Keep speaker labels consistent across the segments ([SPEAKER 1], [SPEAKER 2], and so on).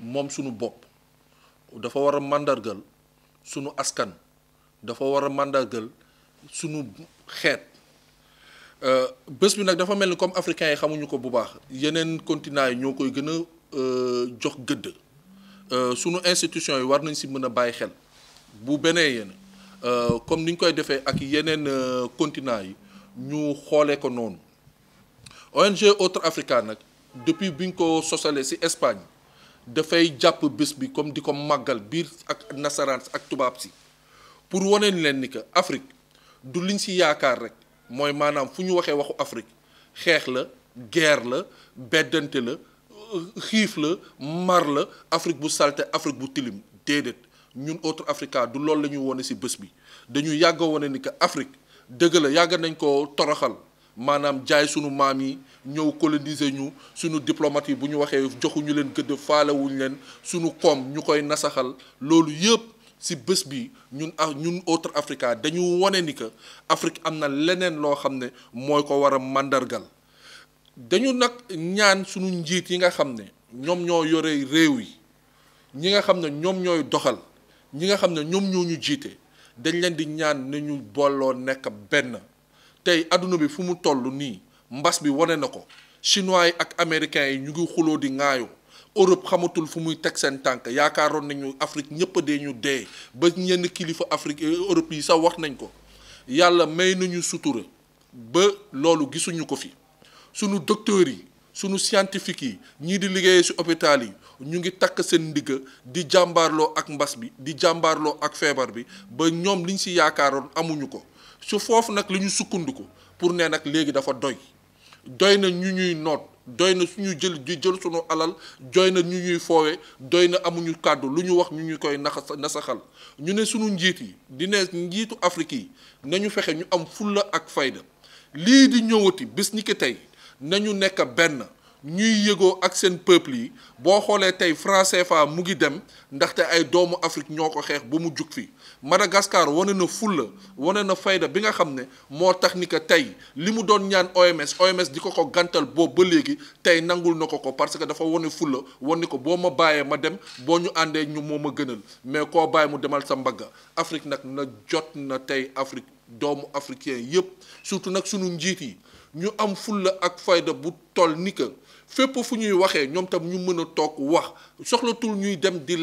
[SPEAKER 1] moom suñu bopp dafa war a màndargal sunu askan dafa war a màndargal suñu xeet euh, bés bi nag dafa mel ni comme africains yi xamuñu ko bu baax yeneen continent yi ñoo koy gën a euh, jox gëdd euh, sunu institution yi war nañ si mën a bàyyi xel bu benee yéen comme ni koy defee ak yeneen continent yi ñu xoolee ko noonu ONG Otra Africa nag depuis bi ñu ko sosalee si Espagne dafay jàpp bés bi comme di ko màggal biir ak nasaraan ak tubaab si pour waneen leen ni que Afrique du liñ si yaakaar rek mooy maanaam fu ñu waxee waxu Afrique xeex la guerre la beddante la xiif la mar la Afrique bu salte Afrique bu tilim déedéet ñun autre Africa du loolu la ñuy wone si bés bi dañu yàgg a wone ni que Afrique dëgg la yàgg nañ ko toroxal maanaam jaay sunu maam yi ñëw coloniser ñu sunu diplomate yi bu ñu waxee joxuñu leen gëdd faalewuñu leen sunu koom ñu koy nasaxal loolu yëpp si bés bi ñun ak ñun autre Africa dañu wane ni que Afrique am na leneen loo xam ne mooy ko war a màndargal dañu nag ñaan sunu njiit yi nga xam ne ñoom ñoo yore réew yi ñi nga xam ne ñoom ñooy doxal ñi nga xam ne ñoom ñoo ñu jiite dañ leen di ñaan nañu booloo nekk benn. tey àdduna bi fu mu toll nii mbas bi wane na ko chinois yi ak américains yi ñu ngi xuloo di ŋaayoo Europe xamatul fu muy teg seen tànk yaakaaroon nañu Afrique ñëpp dee ñu dee ba ñenn kilifa Afrique euh, Europe yi sax wax nañ ko yàlla may nañu sutura ba loolu gisuñu ko fi sunu docteurs yi sunu scientifique yi ñii di liggéeyee ci hôpital yi. ñu ngi takk seen ndigg di jàmbarloo ak mbas bi di jàmbarloo ak feebar bi ba ñoom liñ si yaakaaroon amuñu ko su foofu nag li ñu sukkandiku pour nee nag léegi dafa doy doy na ñu ñuy noot doy na suñu jël di jël suñu alal doy na ñu ñuy foowee doy na amuñu kàddu lu ñu wax ñu ñu koy naxa nasaxal ñu ne suñu njiit yi di njiitu Afrique yi nañu fexe ñu am fulla ak fayda lii di ñëwati bés ni ki tey nañu nekk benn ñuy yëgoo ak seen peuple yi boo xoolee tey franc CFA mu ngi dem ndaxte ay doomu Afrique ñoo ko xeex ba mu jug fi Madagascar wane na fulla wane na fayda bi nga xam ne moo tax ni que tey li mu doon ñaan OMS OMS di ko ko gantal boobu ba léegi tey nangul na ko ko parce que dafa wane fulla wane ni ko boo ma bàyyee ma dem boo ñu àndee ñu moo ma gënal mais koo bàyyi mu demal sa mbagga Afrique nag na jot na tey Afrique doomu africain yépp surtout nag suñu njiit yi ñu am fulla ak fayda bu toll ni que fépp fu ñuy waxee tam ñu mën a toog ñuy dem di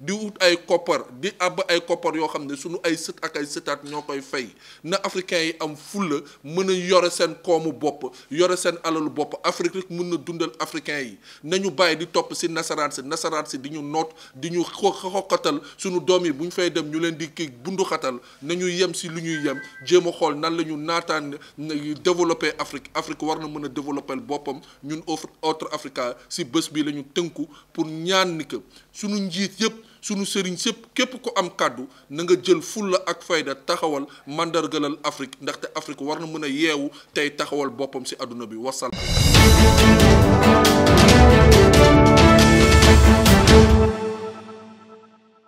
[SPEAKER 1] di wut ay koppar di àbb ay koppar yoo xam ne sunu ay sët ak ay sëtaat ñoo koy fay na africains yi am fulla mën a yore seen koomu bopp yore seen alalu bopp Afrique rek mën na dundal africains yi nañu bàyyi di topp si nasaraan si nasaraan si di ñu noot di ñu xoxatal sunu doom yi bu ñu fay dem ñu leen di kii bunduxatal ñu yem si lu ñuy yem jéem a xool nan la ñu naataan développer Afrique Afrique war na mën a développer boppam ñun autre Africa si bés bii la tënku pour ñaan ni que yëpp. suñu sëriñ sëpp képp ko am kàddu na nga jël fulla ak fayda taxawal mandargalal afrique ndaxte afrique war na mën a yeewu tey taxawal boppam si aduna bi wasalaam